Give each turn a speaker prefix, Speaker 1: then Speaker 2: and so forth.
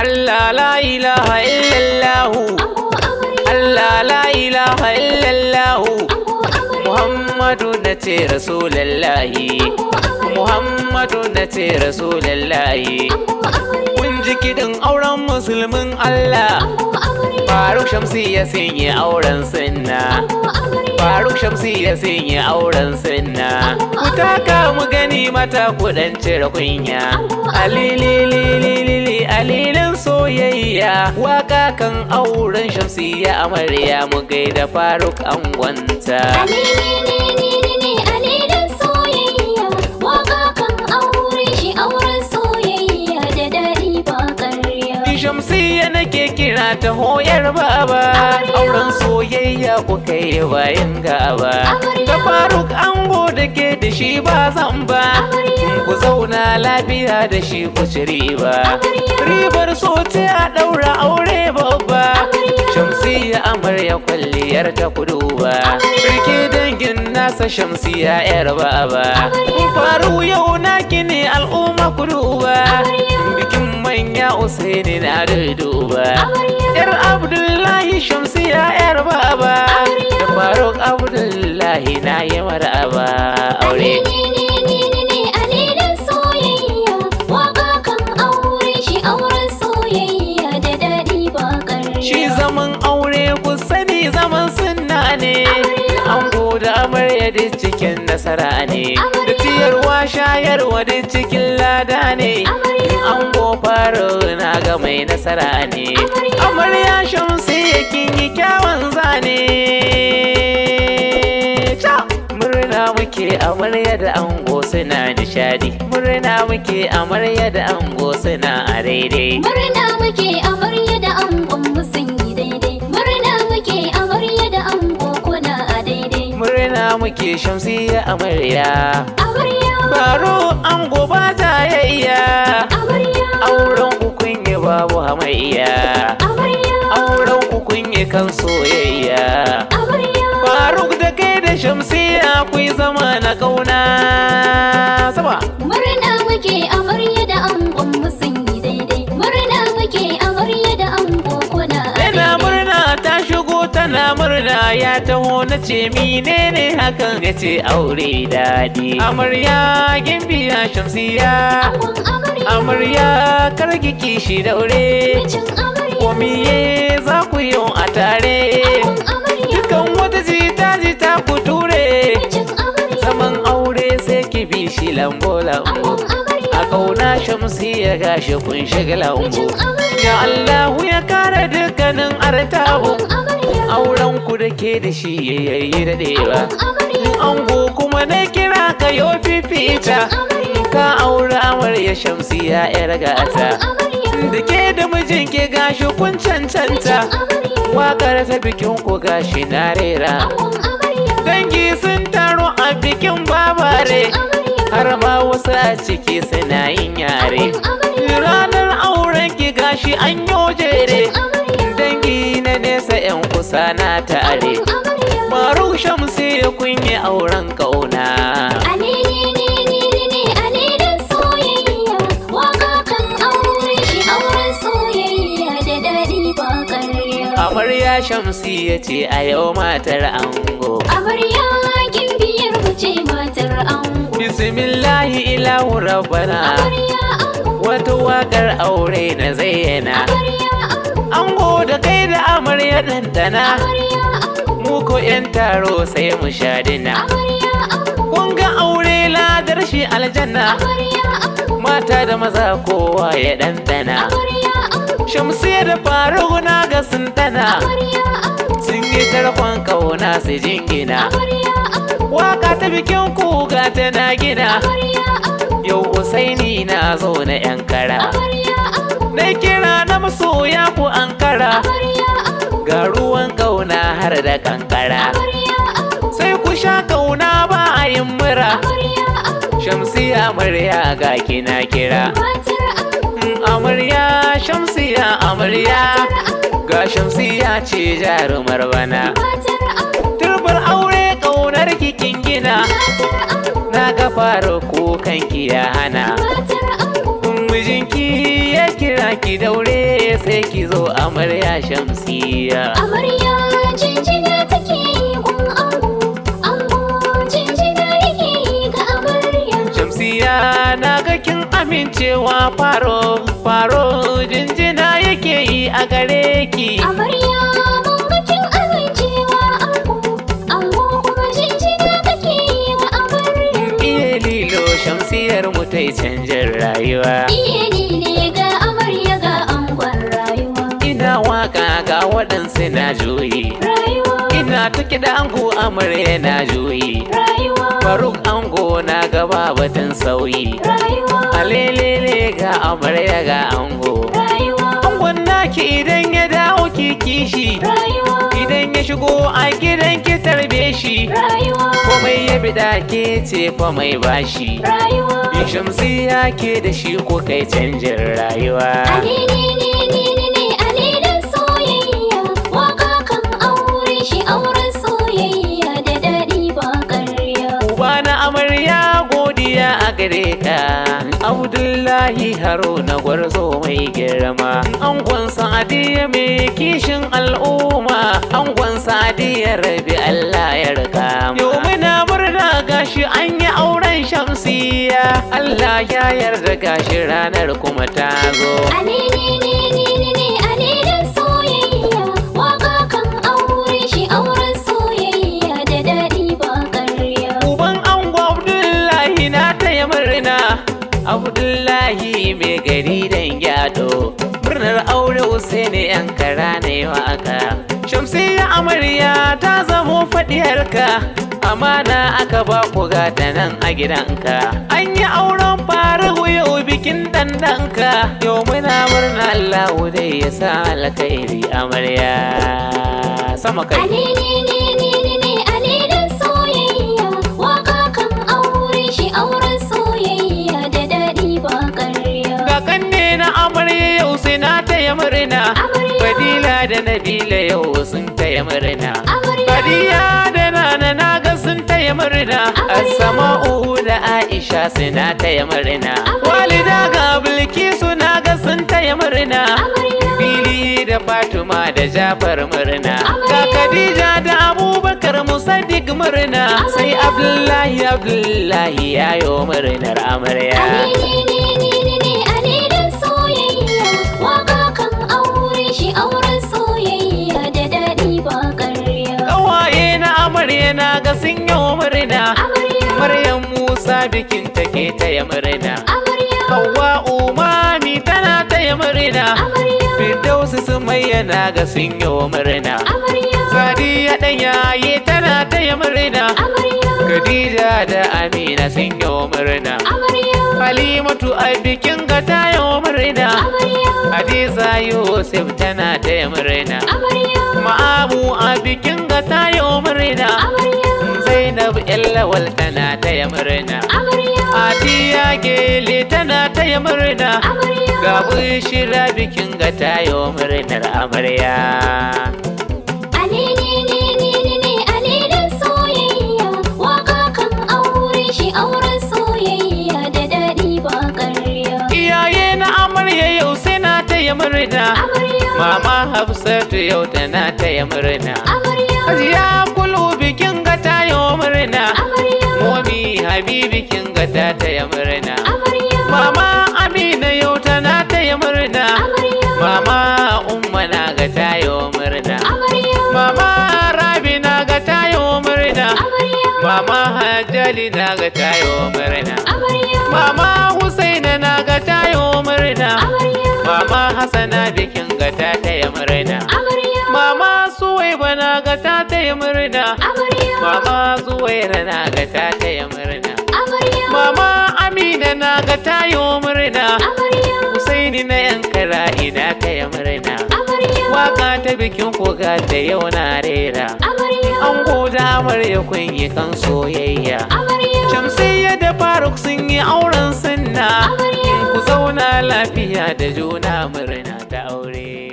Speaker 1: Allah la ilaha illallahu Allah la ilaha Muhammadu na Muhammadu ji auren musulmin Allah Faruk Shamsi ya sanya auren sunna Ku taka mu gani mata ku kunya soyayya waka kan auren shamsiya amarya mu gaida faruk angonta Shamsiyya nake ta hoyar baba auren soyayya ku kai bayan gaba ta faruk ango da ke da shi ba zan ba lafiya da shi kuci riba ribar so ce a ɗaura aure babba shamsiya amarya kwalliyar ta kudu ba rike dangin nasa shamsiya yar baba faru yau naki ne al'umma kudu ba bikin manya usaini na ba yar abdullahi shamsiya yar baba da faruk abdullahi na yi maraba aure ne an da amarya duk cikin nasara ne da ciyarwa shayarwa duk cikin lada ne an faro na ga mai nasara ne amarya shamsi kin yi kyawun zane murna muke amarya da ango suna nishadi murna muke amarya da ango suna a daidai murna muke amarya muke shamsiya amarya baro an goba ta yayya auren ku kunye babu hamayya auren ku kunye kan soyayya faruk da kai da shamsiya ku zama na kauna sama na ya taho na ce menene hakan ya ce aure daɗi amarya gimbiya shamsiya amarya karki kishi daure komiye za ku yi a tare dukan wata jita jita ku ture zaman aure sai ki bi shi lambo lambo a kauna shamsiya gashi kun shiga lambo ya Allahu ya kara dukkanin artabu rake da shi yayi dadewa ango kuma na kira ka yo fifita ka aure amarya shamsiya ya gata da ke da mijin ke gashi kun cancanta Waƙar ta bikin ku gashi na rera dangi sun taro a bikin babare har ma wasu a ciki suna yin yare ranar auren ki gashi an jere sana ta are Maruk Shamsi ya kunye auren kauna Amarya Shamsi ya ce a yau matar ango.
Speaker 2: Amarya kin biyar mu ce matar ango.
Speaker 1: Bismillahi ilahu rabbana. Amarya ango. Wata waƙar aure na zayyana. Amarya ango da kai da amarya ɗanɗana mu ko 'yan taro sai mu sha dina kun ga aure ladar shi aljanna mata da maza kowa ya ɗanɗana shamsiya da na ga suntana sun yi tarkon kauna su jingina waka ta bikin ta na gina yau usaini na zo na yankara na kira na masoya ku ankara ga ruwan gauna har da kankara sai ku sha kauna ba a yin mura shamsiya murya ga kina kira mm, amarya shamsiya amarya ga shamsiya ce jarumar bana turbar aure kaunar kikin gina na ga faro kukan ki ya hana mijinki ya kira ki daure sai ki zo amarya shamsiya amarya jinjina take gun ango ango jinjina yake ga amarya shamsiya na ga kin amincewa faro faro jinjina yake yi a gare ki amarya shamsiyar mu ta yi canjin rayuwa
Speaker 2: ne ga amarya ga angon rayuwa
Speaker 1: ina waka ga waɗansu na juyi rayuwa ina ta kiɗa ango amarya na juyi
Speaker 2: rayuwa faruk
Speaker 1: ango na gaba batun sauyi rayuwa alelele ga amarya ga ango rayuwa angon naki idan ya dawo ki kishi rayuwa in ya shigo a gidan ki tarbe shi komai ya bida ke ce fa mai bashi shamsiya ke da shi ko kai canjin rayuwa gare abdullahi haruna gwarzo mai girma angon sadiya mai kishin al'umma angon sadiya rabi allah ya rika yau muna murna gashi an yi auren shamsiya allah ya yarda gashi ranar kuma ta
Speaker 2: zo
Speaker 1: abdullahi mai gari dan gyado murnar aure usaini yan kara ne waka shamsiyya amarya ta zamo fadiyarka amana aka ba ku gata nan a gidanka an yi auren faruhu yau bikin dandanka yau muna murna allahu dai ya sa alkhairi amarya sama kai taya murna fadila da nabila yau sun taya murna fadiya da nana na ga sun taya murna asama'u da aisha suna taya murna walida ga bilkisu ga sun taya murna fili da fatima da jafar murna ga khadija da abubakar musaddiq murna sai abdullahi abdullahi yayo murnar amarya
Speaker 2: auren soyayya da daɗi ba ƙarya.
Speaker 1: Ƙawaye na amarya na ga sun yi murna. Maryam Musa bikin take taya murna. Hawa umami tana taya murna. Firdausu su mayyana ga sun yi murna. Amarya. Sadiya yayi yi tana taya murna. Khadija da Amina sun yi murna. Halimatu a bikin ga ta yi murna. Hadiza Yusuf tana taya murna. Ma'amu a bikin ga ta yi murna. Zainab Yallawal tana taya murna. Atiya Gele tana taya murna. Ga bushira bikin ga ta yi murnar amarya. murna mama hafsatu yau tana yi murna ya kulu bikin ga yi murna momi habibi kin ga ta yi murna mama amina yau tana yi murna mama umma na ga yi murna mama rabi na ga yi murna mama hajjali na ga yi murna mama Hassana bikin ga ta taya murna. Mama suwai bana ga ta taya murna. Mama suwai rana ga ta taya murna. Mama Amina na ga ta yi murna. Husaini na yankara ina taya murna. Waka ta bikin ga da yau na rera. ango damar ya kun kan soyayya shamsiyya da faruk sun yi auren sunna ku zauna lafiya da juna murna da aure